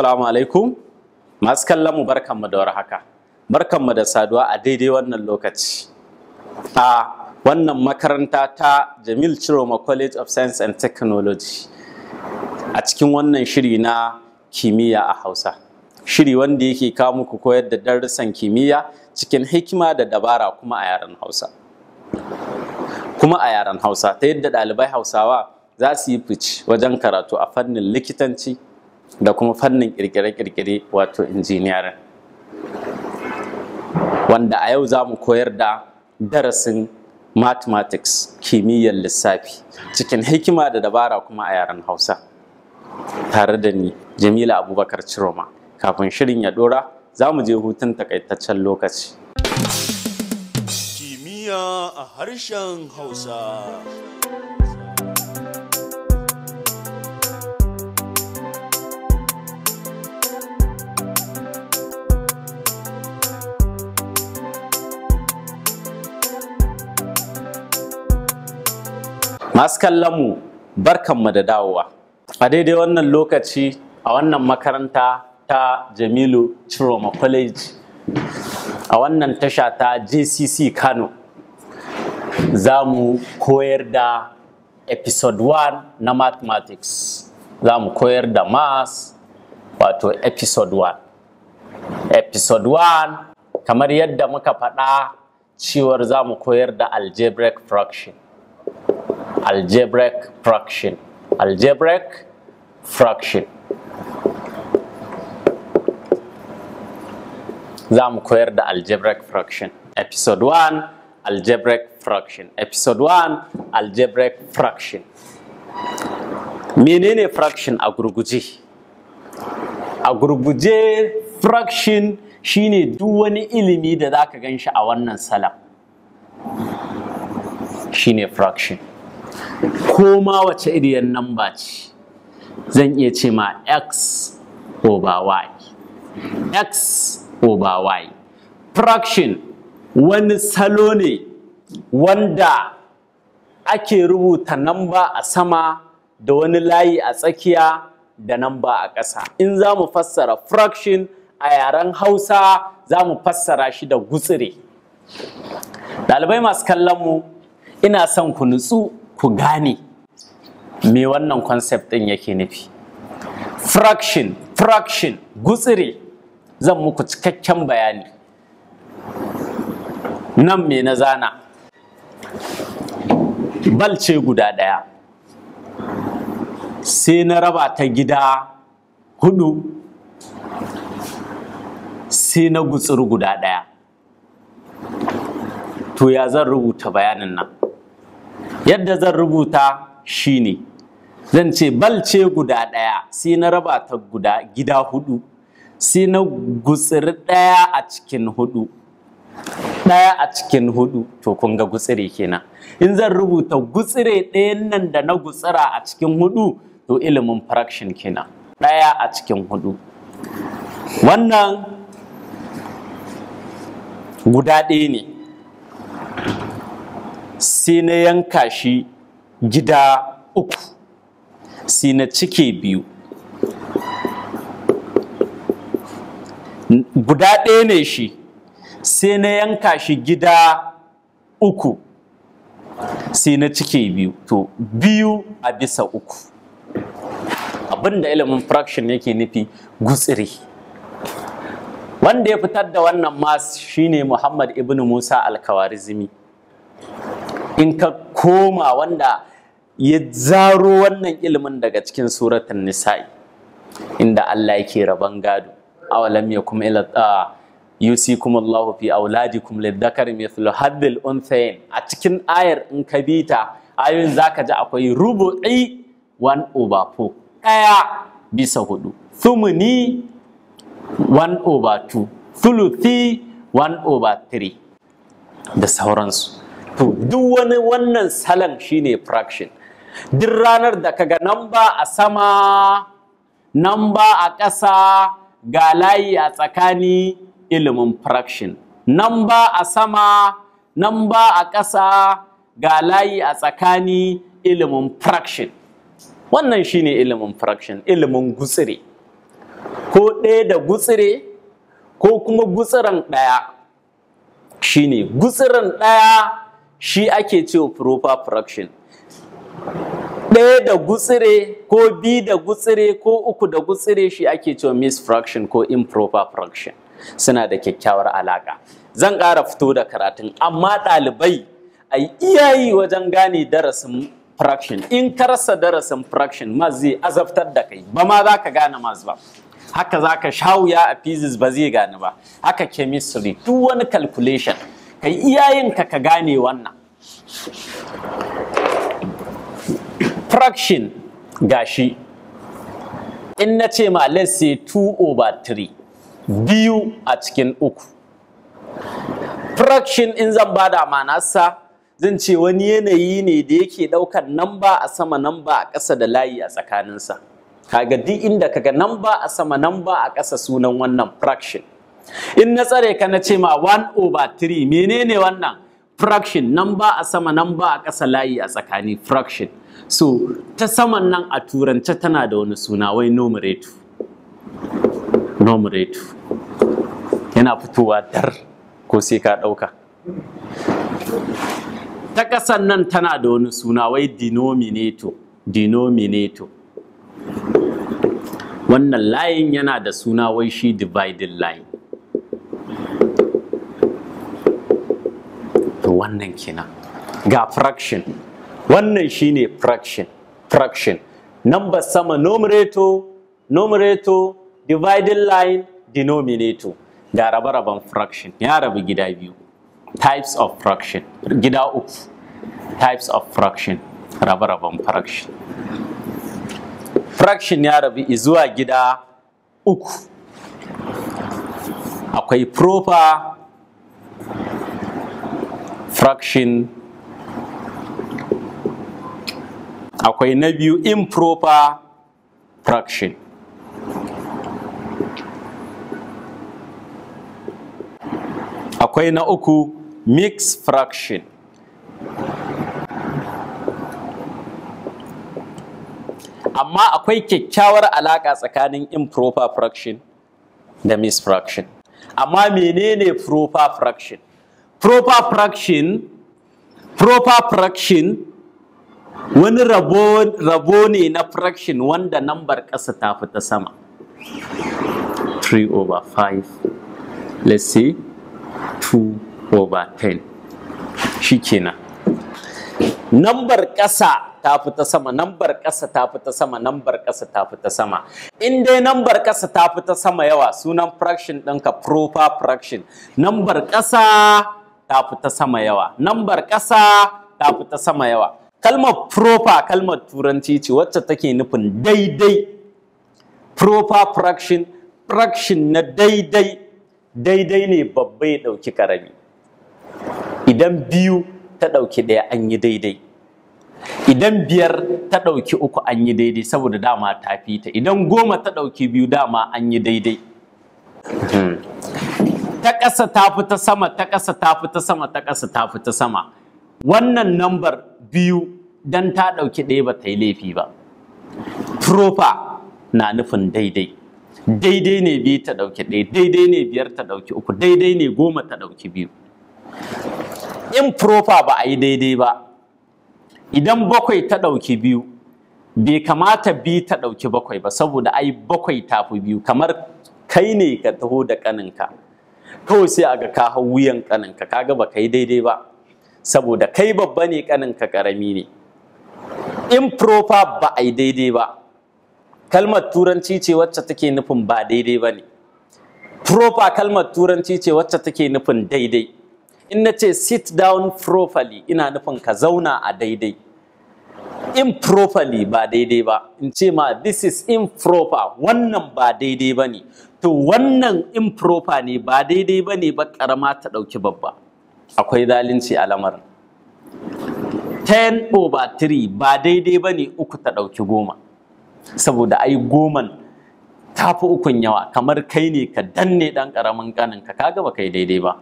Assalamu alaikum, masu kallon mu barkanmu da warhaka. Barkanmu da saduwa a daidai wannan lokaci. A wannan makaranta ta Jamil Chiroma College of Science and Technology a cikin wannan shiri na kimiyya a Hausa. Shiri wanda yake kawo muku koyar da darussan kimiyya cikin hikima da dabara kuma a yaren Hausa. Kuma a yaren Hausa ta yadda ɗalibai Hausawa za su yi fice wajen karatu a fannin likitanci, da kuma fannin kirkire-kirkire wato injiniyarin wanda a yau za mu koyar da darasin mathematics kimiyyar lissafi cikin hikima da dabara kuma a yaren hausa tare da ni jamila abubakar ciroma kafin shirin ya dora za mu je hutun takaitaccen lokaci kimiyya a harshen hausa masu barkan barkanmu da dawowa a daidai wannan lokaci a wannan makaranta ta jamilu chiroma college a wannan tasha ta jcc kano za mu koyar da episode 1 na mathematics za mu koyar da mas, wato episode 1 episode 1 kamar yadda muka faɗa cewar za mu koyar da algebraic fraction algebraic fraction algebraic fraction za mu koyar da algebraic fraction episode 1 algebraic fraction episode 1 algebraic fraction menene fraction a gurguje a gurguje fraction shine duk wani ilimi da zaka ganshi a wannan salam shine fraction ko ma wace iriyar namba ce zan iya ce ma x over y x over y fraction wani salo ne wanda ake rubuta namba a sama da wani layi a tsakiya da namba a ƙasa in za mu fassara fraction a yaren hausa za mu fassara shi da gutsire ɗalibai masu kallon mu ina son ku nutsu ku gane me wannan concept ɗin yake nufi fraction fraction gutsire zan muku cikakken bayani nan me na zana balce guda ɗaya sai na raba ta gida hudu sai na gutsiri guda ɗaya to ya zan rubuta bayanin nan yadda zan rubuta shi ne. zan ce balce guda ɗaya sai na raba ta guda gida hudu sai na gutsiri ɗaya a cikin hudu ɗaya a cikin hudu to kun ga gutsire kenan in zan rubuta gutsire ɗayan nan da na gutsira a cikin hudu to ilimin fraction kenan ɗaya a cikin hudu wannan guda ɗaya ne sai na yanka shi gida uku sai na cike biyu guda ɗaya ne shi sai na yanka shi gida uku sai na cike biyu to biyu a bisa uku da ilimin fraction yake nufi gutsiri wanda ya fitar da wannan mas shine Muhammad ibn Musa al-Kawarizmi in ka koma wanda ya zaro wannan ilimin daga cikin suratun nisa'i inda Allah yake rabon gado awalam kuma ila ah, kuma Allah fi auladikum lidhakari mithlu haddil unthayn a cikin ayar in ka bita ayoyin zaka ji akwai rubu'i 1 over four, ɗaya bisa hudu thumuni one over two, thuluthi one over three, da sauransu to duk wani wannan salon shine fraction duk ranar da kaga namba a sama namba a ƙasa ga layi a tsakani ilimin fraction namba a sama namba a ƙasa ga layi a tsakani ilimin fraction wannan shine ilimin fraction ilimin gutsire ko ɗaya da gutsire ko kuma gutsiran ɗaya shine gutsiran ɗaya shi ake cewa proper fraction ɗaya da gutsire ko bi da gutsire ko uku da gutsire shi ake cewa misfraction ko improper fraction suna da kyakkyawar alaƙa zan ƙara fito da karatun amma ɗalibai a iyayi wajen gane darasin fraction in karsa darasin fraction ma zai azabtar da kai ba ma za ka gane masu ba haka za ka sha wuya a physics ba zai gane ba haka chemistry duk wani calculation ka yi iyayenka ka gane wannan fraction gashi in na ce ma let's say 2 over 3 biyu a cikin uku fraction in zan ba da manasa zan ce wani yanayi ne da yake ɗaukar namba a sama namba a ƙasa da layi a tsakaninsa kaga duk inda kaga namba a sama namba a ƙasa sunan wannan fraction in na tsare ka na ce ma 1 over 3 menene wannan fraction number a sama number a ƙasa layi a tsakani fraction so ta saman nan a turance tana da wani suna wai numerator numerator yana fitowa dar ko sai ka ɗauka ta ƙasan nan tana da wani suna wai denominator denominator wannan layin yana da suna wai shi dividing line wannan kenan ga fraction wannan shine fraction fraction number sama numerator numerator dividing line denominator ga rabe-raben fraction ya rabu gida biyu types of fraction gida uku types of fraction rabe-raben fraction fraction ya rabu zuwa gida uku akwai proper fraction akwai na biyu improper fraction akwai na uku mix fraction amma akwai kyakkyawar alaƙa tsakanin improper fraction da fraction amma menene proper fraction proper fraction wani rabo, rabo ne na fraction wanda nambar ƙasa ta fi ta sama 3 over 5 let's say 2 over 10 shikenan nambar ƙasa ta fi ta sama nambar ƙasa ta fi ta sama nambar ƙasa ta fi ta sama in dai nambar ƙasa ta fi ta sama yawa sunan fraction ɗinka proper fraction nambar ƙasa ta fi sama yawa nambar ƙasa ta fita sama yawa kalmar proper kalmar turanci ce wacce take nufin daidai proper fraction fraction na daidai daidai ne babba ya ɗauki ƙarami idan biyu ta ɗauki ɗaya an yi daidai idan biyar ta ɗauki uku an yi daidai saboda dama ta fi idan goma ta ɗauki biyu dama an yi daidai hmm. ta ƙasa ta fi ta sama ta ƙasa ta fi ta sama ta ƙasa ta fi ta sama wannan nambar biyu don ta ɗauki ɗaya ba ta yi laifi ba proper na nufin daidai daidai ne biyu ta ɗauki ɗaya daidai ne biyar ta ɗauki uku daidai ne goma ta ɗauki biyu in proper ba a yi daidai ba idan bakwai ta ɗauki biyu bai kamata biyu ta ɗauki bakwai ba saboda ai bakwai tafi biyu kamar kai ne ka taho da ƙaninka kawai sai a ga ka hau wuyan kaninka kaga ba kai daidai ba saboda kai babba ne kaninka karami ne improper ba a yi daidai ba kalmar turanci ce wacce take nufin ba daidai ba ne proper kalmar turanci ce wacce take nufin daidai in na ce sit down properly ina nufin ka zauna a daidai improperly ba daidai ba in ce ma this is improper wannan ba daidai ba ne to wannan improper ne ba daidai ba ne ba ƙarama ta ɗauki babba akwai zalunci a lamarin Ten over 3 ba daidai ba ne uku ta ɗauki goma saboda ai goman ta fi ukun yawa kamar kai ne ka danne ɗan ƙaramin ka kaga ba kai daidai ba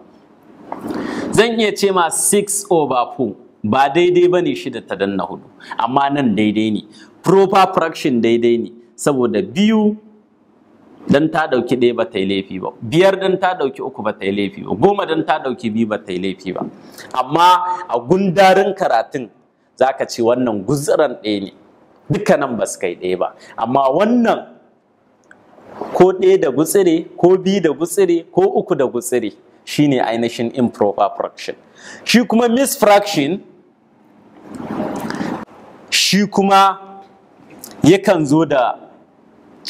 zan iya ce ma 6 over 4 ba daidai ba ne shida ta danna hudu amma nan daidai ne proper fraction daidai ne saboda biyu dan ta dauki ɗaya ba ta yi laifi ba biyar dan ta dauki uku ba ta yi laifi ba goma dan ta dauki biyu ba ta yi laifi ba amma a gundarin karatun zaka ce wannan guzuran ɗaya ne dukkanan ba su kai ɗaya ba amma wannan ko ɗaya da gutsire ko biyu da gutsire ko uku da gutsire shine ainihin improper fraction shi kuma misfraction shi kuma yakan zo da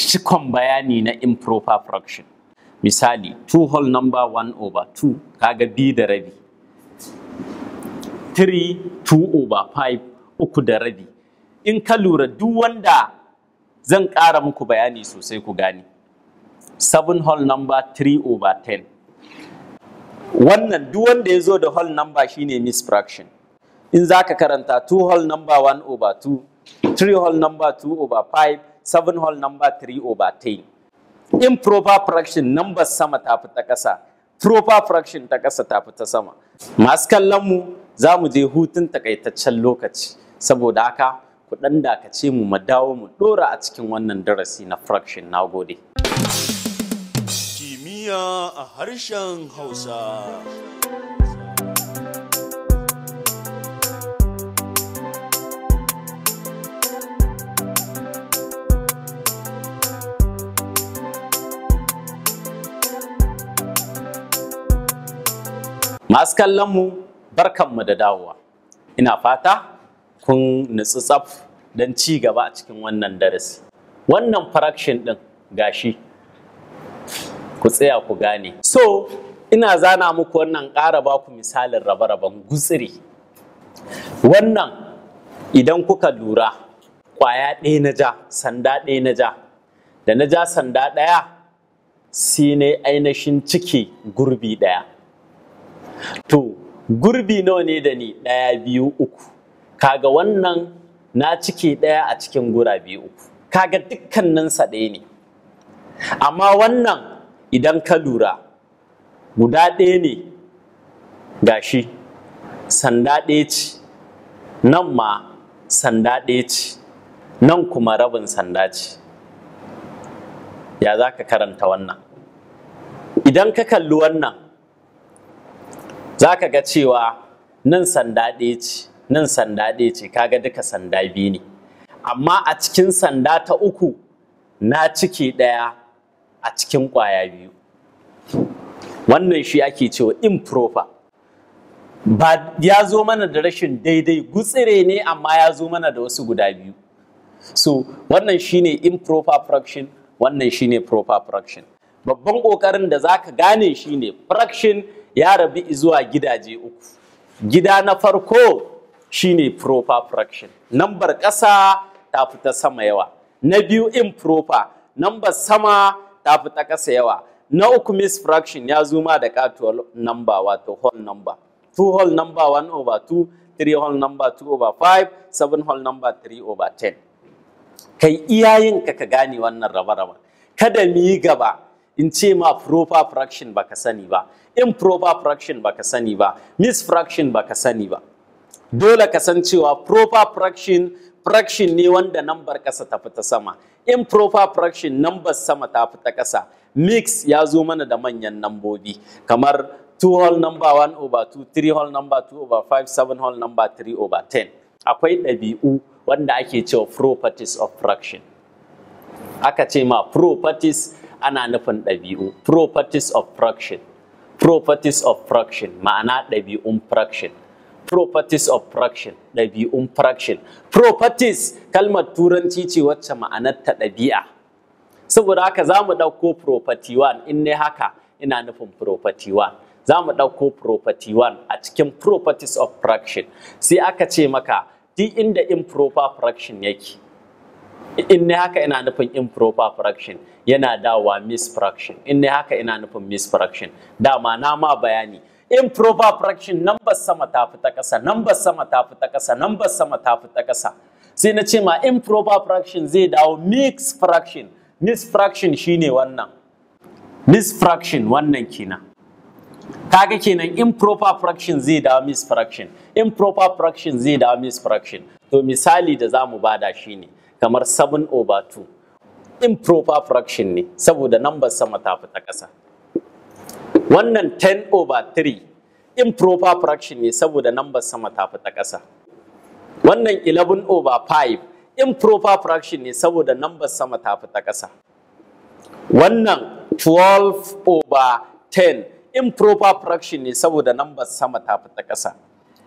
cikon bayani na improper fraction misali 2 whole number 1 over 2 kaga b da rabi 3 2 over 5 uku da rabi in ka lura duk wanda zan ƙara muku bayani sosai ku gani? 7 whole number 3 over 10 wannan duk wanda ya zo da whole number shine fraction. in za ka karanta 2 whole number 1 over 2 3 whole number 2 over 5 Seven hole number three over ten. improper fraction number sama ta fi ta ƙasa proper fraction ta ƙasa ta fi ta sama masu kallon za mu je hutun takaitaccen lokaci saboda haka ku ɗan dakace mu mu dawo mu ɗora a cikin wannan darasi na fraction na gode kimiyya a harshen hausa masu kallon mu barkanmu da dawowa ina fata kun nutsu tsaf don ci gaba a cikin wannan darasi wannan fraction din gashi ku tsaya ku gane so ina zana muku wannan ƙara ba ku misalin rabe-raben gutsiri wannan idan kuka lura kwaya ɗaya na ja sanda ɗaya na ja da na ja sanda ɗaya sai ainihin ciki gurbi ɗaya to gurbi nawa ne da ni ɗaya biyu uku kaga wannan na cike ɗaya a cikin gura biyu uku kaga dukkaninsa ɗaya ne amma wannan idan ka lura guda ɗaya ne gashi sanda ɗaya ce nan ma sanda ɗaya ce nan kuma rabin sanda ce ya za ka karanta wannan idan ka kalli wannan za ka ga cewa nan sanda ɗaya ce nan sanda ɗaya ce kaga duka sanda biyu ne amma a cikin sanda ta uku na cike ɗaya a cikin ƙwaya biyu wannan shi ake cewa improper ba ya zo mana da rashin daidai gutsire ne amma ya zo mana da wasu guda biyu so wannan shine improper fraction wannan shine proper fraction babban ƙoƙarin da za ka gane shine fraction ya rabi zuwa gidaje uku gida na farko shine proper fraction nambar ƙasa ta fita sama yawa na biyu in improper nambar sama ta fita ƙasa yawa na uku fraction ya zuma da katuwar number wato whole number two whole number one over two three whole number two over five seven whole number three over ten kai iyayenka ka gane wannan raba-raba kada mu yi gaba in ce ma proper fraction baka sani ba improper fraction baka sani ba miss fraction baka sani ba dole ka san cewa proper fraction fraction ne wanda number kasa ta fita sama improper fraction number sama ta fita kasa mix ya zo mana da manyan nambobi kamar 2 whole number 1 over 2 3 whole number 2 over 5 7 whole number 3 over 10 akwai ɗabi'u wanda ake cewa properties of fraction aka ce ma properties ana nufin ɗabi'u properties of fraction properties of fraction ma'ana ɗabi'un fraction properties of fraction ɗabi'un fraction properties kalmar turanci ce wacce ma'anar ta ɗabi'a saboda haka za mu ɗauko property one in ne haka ina nufin property one za mu ɗauko property one a cikin properties of fraction sai aka ce maka duk inda improper fraction yake in ne haka ina nufin improper fraction yana dawa misfraction in ne haka ina nufin misfraction dama na ma bayani improper fraction number sama ta fi ta ƙasa number sama ta fi ta ƙasa number sama ta fi ta ƙasa sai na ce ma improper fraction zai dawo mix fraction misfraction shine wannan misfraction wannan kenan kaga kenan improper fraction zai dawo misfraction improper fraction zai dawo misfraction to misali da zamu bada shine kamar 7 over 2 improper fraction ne saboda number sama ta fi ta ƙasa wannan 10 over 3 improper fraction ne saboda number sama ta fi ta ƙasa wannan 11 over 5 improper fraction ne saboda number sama ta fi ta ƙasa wannan 12 over 10 improper fraction ne saboda number sama ta fi ta ƙasa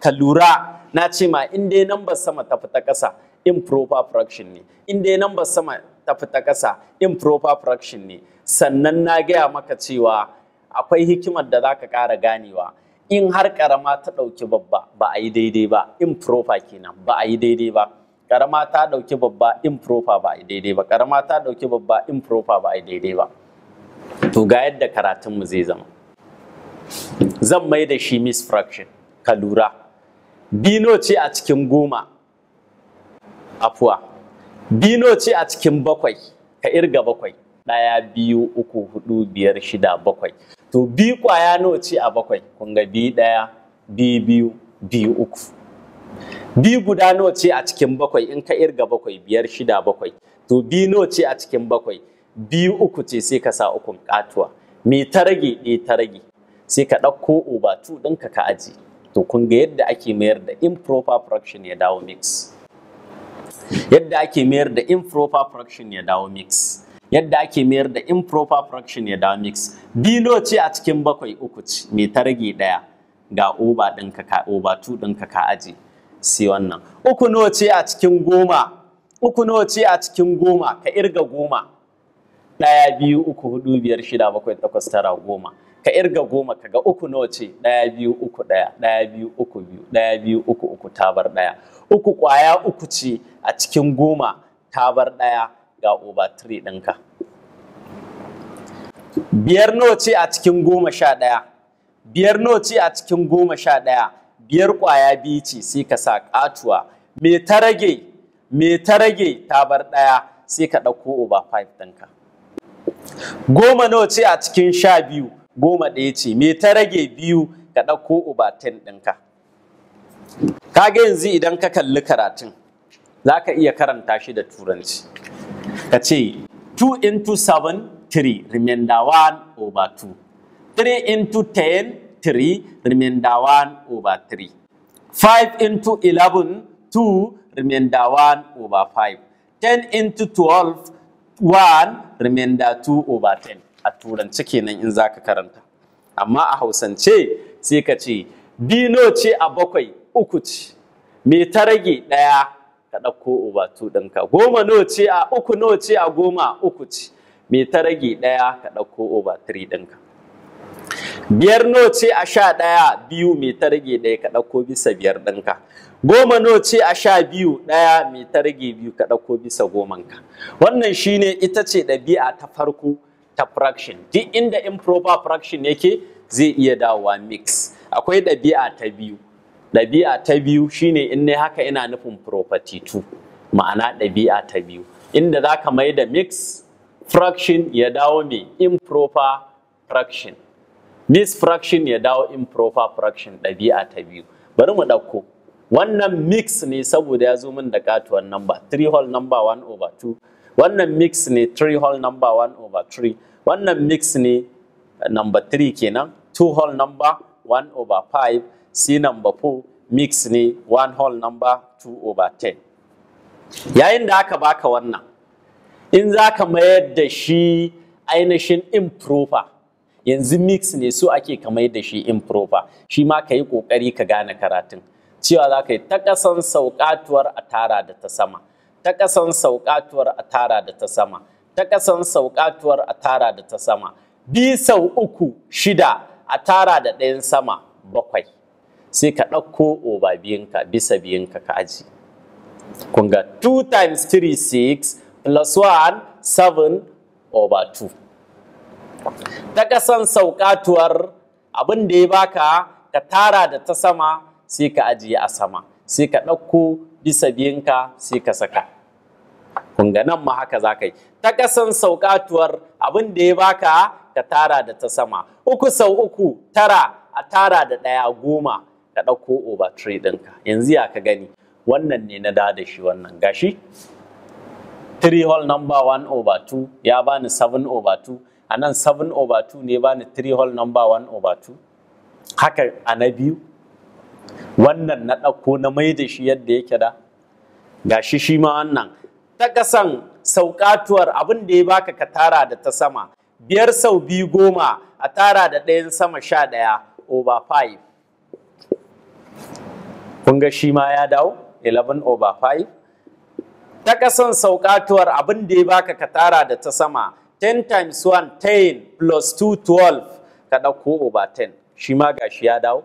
ka lura na ce ma in dai number sama ta fi ta ƙasa improper fraction ne in dai number sama ta fita ƙasa improper fraction ne sannan na gaya maka cewa akwai hikimar da zaka ƙara ganewa in har karama ta ɗauki babba ba a yi daidai ba improper kenan ba a yi daidai ba ƙarama ta ɗauki babba improper ba a yi daidai ba ƙarama ta ɗauki babba improper ba a yi daidai ba to ga yadda karatunmu zai zama zan mai da shi misfraction ka lura bino ce a cikin goma afuwa bino ce a cikin bakwai ka irga bakwai ɗaya biyu uku hudu biyar shida bakwai to bi kwaya nawa ce a bakwai kun ga bi ɗaya bi biyu bi uku bi guda nawa ce a cikin bakwai in ka irga bakwai biyar shida bakwai to bi nawa ce a cikin bakwai bi uku ce sai ka sa ukun katuwa me ta rage ɗaya e, ta rage sai ka ɗauko uba tu ɗinka ka aji to kunga ga yadda ake mayar da improper fraction ya dawo mix yadda ake mayar da improper fraction ya dawo mix yadda ake mayar da improper fraction ya dawo mix bilo ce a cikin bakwai uku ce mai targe daya ga oba ɗinka ka oba 2 ɗinka ka aje sai wannan uku nawa ce a cikin goma uku nawa ce a cikin goma ka irga goma ɗaya biyu uku hudu biyar shida bakwai takwas tara goma ka irga goma ka, ga uku nawa ce ɗaya biyu uku ɗaya ɗaya biyu uku biyu ɗaya biyu uku uku tabar ɗaya uku ƙwaya uku ce a cikin goma tabar ɗaya ga oba tiri ɗinka biyar nawa ce a cikin goma sha ɗaya biyar nawa ce a cikin goma sha ɗaya biyar ƙwaya biyu ce sai ka sa ƙatuwa me ta rage me ta rage tabar ɗaya sai ka ɗauko oba five ɗinka goma nawa ce a cikin sha biyu goma ɗaya ce me ta rage biyu ka ɗauko uba ten ɗinka kaga yanzu idan ka kalli karatun za ka iya karanta shi da turanci ka ce 2 into 7 3 remainder 1 over 2 3 into 10 3 remainder 1 over 3 5 into 11 2 remainder 1 over 5 10 into 12 1 remainder 2 over 10 a turance kenan in zaka karanta amma a hausance sai ka ce bino ce a bakwai uku ce me ta rage ɗaya ka ɗauko ubatu ɗinka goma no ce a uku no ce a goma uku ce me ta rage ɗaya ka ɗauko obatiri ɗinka biyar no ce a sha ɗaya biyu me ta rage ɗaya ka ɗauko bisa biyar ɗinka goma no ce a sha biyu ɗaya me ta rage biyu ka ɗauko bisa gomanka wannan shine ita ce ɗabi'a ta farko ta fraction duk inda improper fraction yake zai iya dawowa mix akwai ɗabi'a ta biyu ɗabi'a ta biyu shine in ne haka ina nufin property 2 ma'ana ɗabi'a ta biyu inda za ka mai da mix fraction ya dawo mai improper fraction mix fraction ya dawo improper fraction ɗabi'a ta biyu bari mu ɗauko wannan mix ne saboda ya zo min da katuwar number 3 whole number 1 over 2 wannan mix ne 3 hole number 1 over 3 wannan mix ne eh, number 3 kenan 2 hole number 1 over 5 sai number 4 mix ne 1 hole number 2 over 10 yayin da aka baka wannan in za ka mayar da shi ainihin improper yanzu mix ne so ake ka mayar da shi improper shi ma ka yi ƙoƙari ka gane karatun cewa za ka yi ta ƙasan sauƙatuwar a tara da ta sama ta ƙasan sauƙatuwar a tara da ta sama ta ƙasan sauƙatuwar a tara da ta sama bi sau uku shida a tara da ɗayan sama bakwai sai ka ɗauko oba biyunka bisa biyinka ka aji kun ga 2 times 3 6 plus 1 7 over 2 ta ƙasan sauƙatuwar abin da ya baka ka tara da ta sama sai ka ajiye a sama sai ka ɗauko bisa biyanka sai ka saka Kunga nan ma haka za ka yi ta ƙasan sauƙatuwar abin da ya baka ka tara da ta sama uku sau uku tara a tara da ɗaya goma ka ɗauko over ɗinka yanzu ya ka gani wannan ne na da da shi wannan gashi three hole number one over two. ya bani seven over two. a nan seven over two ne bani three hole number one over two. haka a na biyu wannan na ɗauko na mai da shi yadda yake da Ga shi shi ma wannan ta ƙasan sauƙatuwar abin da ya baka ka tara da ta sama biyar sau biyu goma a tara da ɗayan sama sha ɗaya over five kun ga shi ma ya dawo 11 over five ta ƙasan sauƙatuwar abin da ya baka ka tara da ta sama 10 times 1 10 plus 2 12 ka ɗauko over 10 shi ma ga shi ya dawo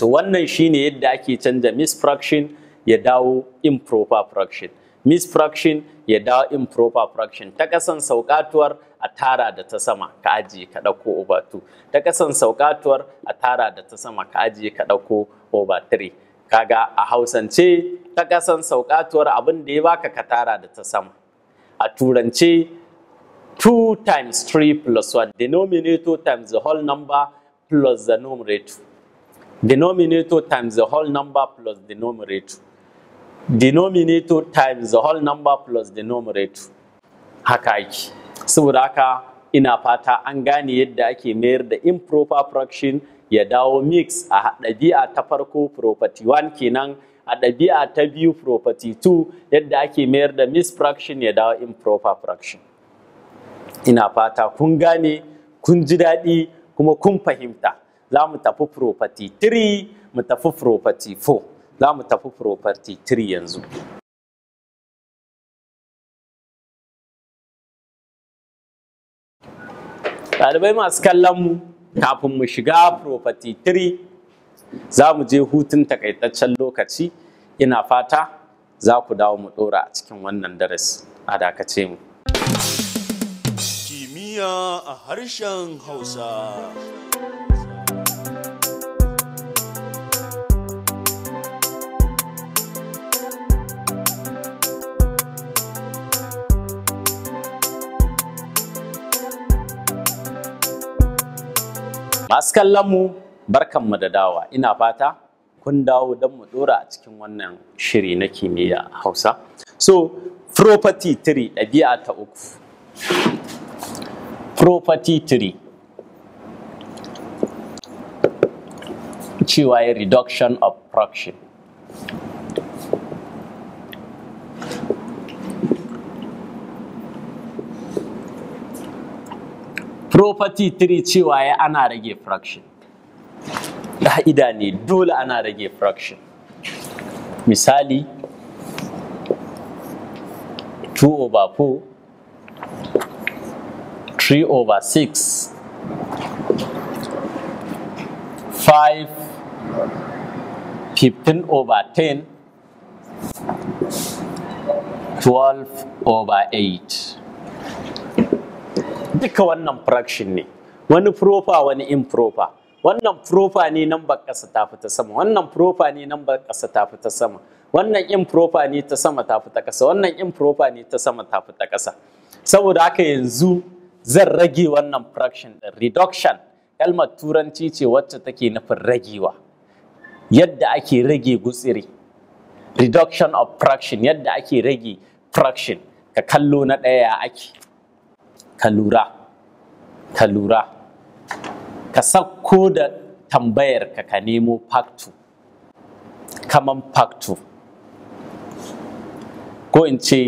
to wannan shine yadda ake canja misfraction ya dawo improper fraction misfraction ya dawo improper fraction ta kasan saukatuwar a tara da ta sama ka ajiye ka ɗauko over 2 ta kasan saukatuwar a tara da ta sama ka ajiye ka ɗauko over 3 kaga a hausance ta kasan saukatuwar abin da ya baka ka tara da ta sama a turance 2 times 3 plus 1 denominator times the whole number plus the numerator denominator times the whole number plus the numerator denominator times the whole number plus the numerator haka ake saboda haka ina fata an gane yadda ake mayar da improper fraction ya dawo mix a ɗabi'a ta farko property 1 kenan a ɗabi'a ta biyu property 2 yadda ake mayar da misfraction fraction ya dawo improper fraction ina fata kun gane kun ji daɗi kuma kun fahimta za mu tafi property 3 mu tafi property 4 za mu tafi property 3 yanzu ɗalibai masu kallon mu kafin mu shiga property 3 za mu je hutun takaitaccen lokaci ina fata za ku dawo mu ɗora a cikin wannan darasi a dakace mu kimiyya a harshen hausa Masu kallon mu barkan mu da dawa ina fata kun dawo don mu dora a cikin wannan shiri na kimiyya Hausa. So property 3 ɗabi'a ta uku. Property 3 cewa reduction of fraction. property 3 cewa ya ana rage fraction ƙa'ida ne dole ana rage fraction misali 2 over 4 3 over 6 5 15 over 10 12 over 8 duka wannan fraction ne wani proper wani improper wannan proper ne number ƙasa ta fita sama wannan proper ne number ƙasa ta fita sama wannan improper ne ta sama ta fita ƙasa wannan improper ne ta sama ta fita ƙasa saboda haka yanzu zan rage wannan fraction din reduction kalmar turanci ce wacce take nufin ragewa yadda ake rage gutsiri reduction of fraction yadda ake rage fraction ka kallo na ɗaya ake ka lura ka lura ka sakko da tambayar ka ka nemo factu kaman factu ko in ce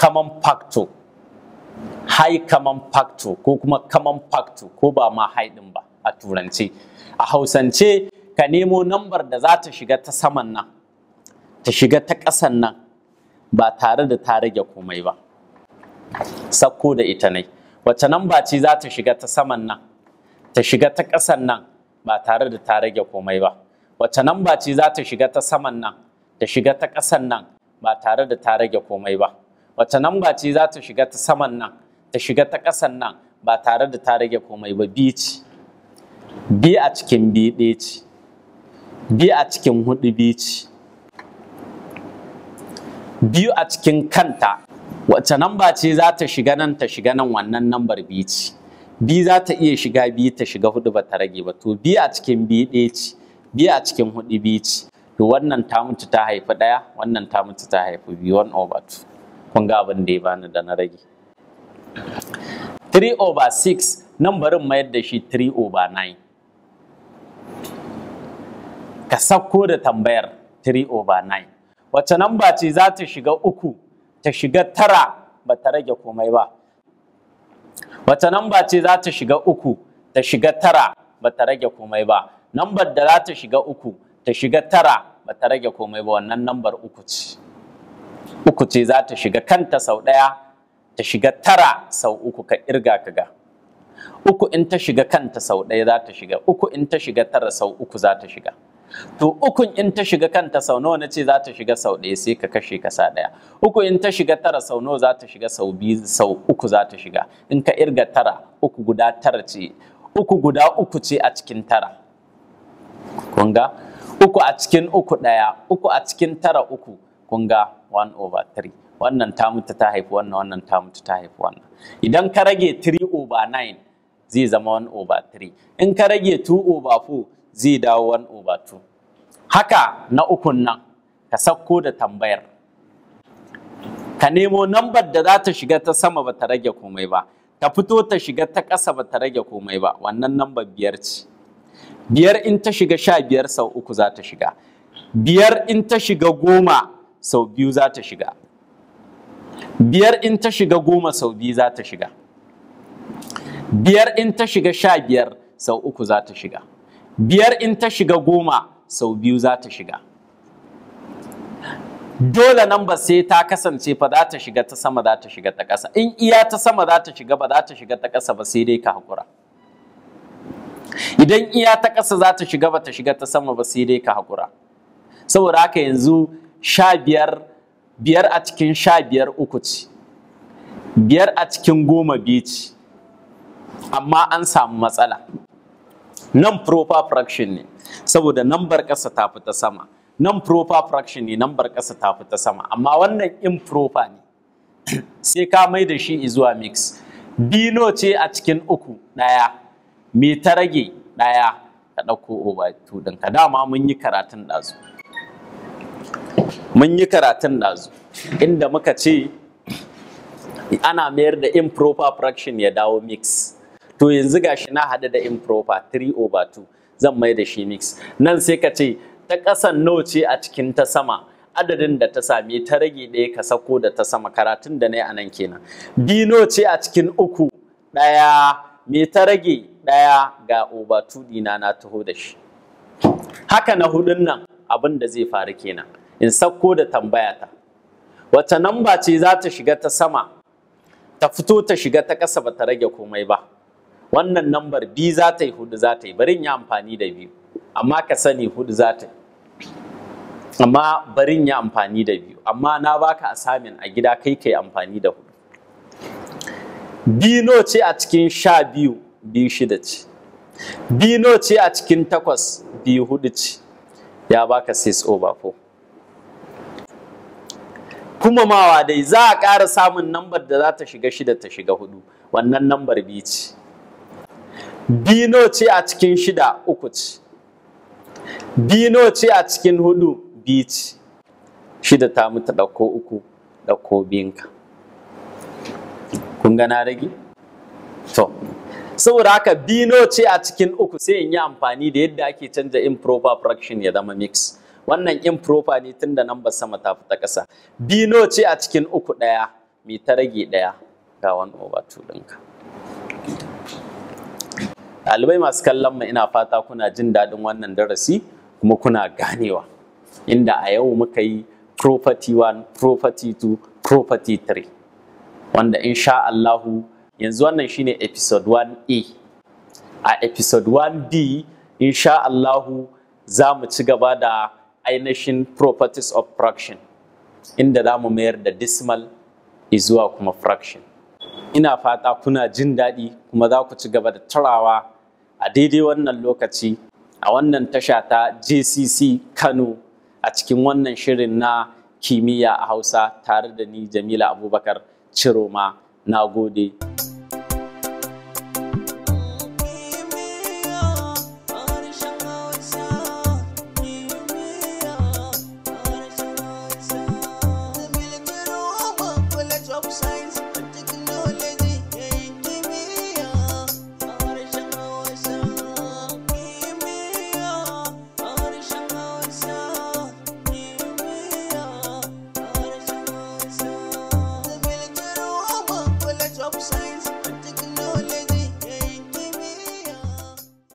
kaman facto hai kaman facto ko kuma kaman facto ko ba ma haidin ba a turance a hausance ka nemo nambar da za ta shiga ta saman nan ta shiga ta ƙasan nan ba tare da ta rage komai ba sakko da ita ne wacce ba ce za ta shiga ta saman nan ta shiga ta ƙasan nan ba tare da ta rage komai ba wacce ba ce za ta shiga ta saman nan ta shiga ta ƙasan nan ba tare da ta rage komai ba wacce ba ce za ta shiga ta saman nan ta shiga ta ƙasan nan ba tare da ta rage komai ba bi ci bi a cikin bi ɗaya ci bi a cikin hudu bi ci biyu a cikin kanta wacce namba ce za ta shiga nan ta shiga nan wannan nambar biyu ce bi za ta iya shiga biyu ta shiga hudu ba ta rage ba to bi a cikin bi ɗaya ce bi a cikin hudu biyu ce to wannan ta mutu ta haifi ɗaya wannan ta mutu ta haifi biyu one over two kun ga abin da ya bani da na rage 3 over 6 nan barin mayar da shi 3 over 9 ka sauko da tambayar 3 over 9 wace namba ce za ta shiga uku ta shiga tara ba ta rage komai ba wata namba ce za ta shiga uku ta shiga tara ba ta rage komai ba nambar da za ta shiga uku ta shiga tara ba ta rage komai ba wannan nambar uku ce uku ce za ta shiga kanta sau ɗaya ta shiga tara sau uku ka irga ka ga uku in ta shiga kanta sau ɗaya za ta shiga uku in ta shiga tara sau uku za ta shiga to ukun in ta shiga kanta sau nawa na ce za ta shiga sau ɗaya sai ka kashe ka sa ɗaya uku in ta shiga tara sau nawa za ta shiga sau biyu sau uku za ta shiga in ka irga tara uku guda tara ce uku guda uku ce a cikin tara kun ga uku a cikin uku ɗaya uku a cikin tara uku kun ga over three. wannan ta mutu ta haifi wannan wannan ta mutu ta haifi wannan idan ka rage three over nine, zai zama one over three. in ka rage two over four. zai dawo wani over tu. haka na ukun nan ka sauko da tambayar ka nemo nambar da za ta shiga ta sama ba ta rage komai ba ta fito ta shiga ta ƙasa ba ta rage komai ba wannan nambar biyar ce biyar in ta shiga sha biyar sau uku za ta shiga biyar in ta shiga goma sau biyu za ta shiga biyar in ta shiga goma sau biyu za ta shiga biyar in ta shiga sha biyar sau uku za ta shiga biyar in ta shiga goma sau biyu za ta shiga dole nan ba sai ta kasance fa za ta shiga ta sama za ta shiga ta ƙasa in iya ta sama za ta shiga ba za ta shiga ta ƙasa ba sai dai ka haƙura idan iya ta ƙasa za ta shiga ba ta shiga ta sama ba sai dai ka haƙura saboda haka yanzu sha biyar biyar a cikin sha biyar uku ce biyar a cikin goma biyu ce amma an samu matsala nan proper fraction ne saboda nambar ƙasa ta fi ta sama nan proper fraction ne nambar ƙasa ta fi ta sama amma wannan improper ne sai ka mai da shi zuwa mix bino ce a cikin uku ɗaya me ta rage ɗaya ka ɗauko over two ɗin ka dama mun yi karatun ɗazu mun yi karatun ɗazu inda muka ce ana mayar da improper fraction ya dawo mix to yanzu gashi na hada da improper 3 over 2 zan mai da shi mix nan sai ka ce ta ƙasan nawa ce a cikin ta sama adadin da ta sami ta rage ɗaya ka sako da ta sama karatun da na yi a nan kenan biyu no ce a cikin uku ɗaya me ta rage ɗaya ga over 2 dina na taho da shi haka na hudun nan abin da zai faru kenan in sakko da tambaya ta wata namba ce za ta shiga ta sama ta fito ta shiga ta ƙasa ba ta rage komai ba wannan nambar bi za ta yi hudu za ta yi Barin ya yi amfani da biyu amma ka sani hudu za ta yi amma barin ya yi amfani da biyu amma na baka asamin a gida kai kai amfani da hudu bino ce a cikin sha biyu biyu shida ce bino ce a cikin takwas biyu hudu ce ya baka 6 over 4 kuma mawa dai za a ƙara samun nambar da za ta shiga shida ta shiga hudu wannan nambar biyu ce bino ce a cikin shida uku ce bino ce a cikin hudu biyu ce shida ta mutu ɗauko uku ɗauko biyunka kun gana rage to saboda haka bino ce a cikin uku sai in yi amfani da yadda ake canja improper fraction ya zama mix wannan improper ne tun da number sama ta fita ƙasa bino ce a cikin uku ɗaya mai ta rage ɗaya ga 1 over 2 ɗinka Dalibai masu kallon mu ina fata kuna jin daɗin wannan darasi kuma kuna ganewa inda a yau muka yi property 1 property 2 property 3 wanda insha Allahu yanzu wannan shine episode 1A a episode 1B insha Allahu za mu ci gaba da ainihin properties of fraction inda za mu mayar da decimal izuwa kuma fraction ina fata kuna jin daɗi kuma za ku ci gaba da turawa a daidai wannan lokaci a wannan tasha ta jcc kano a cikin wannan shirin na kimiyya a hausa tare da ni jamila abubakar ciroma na gode.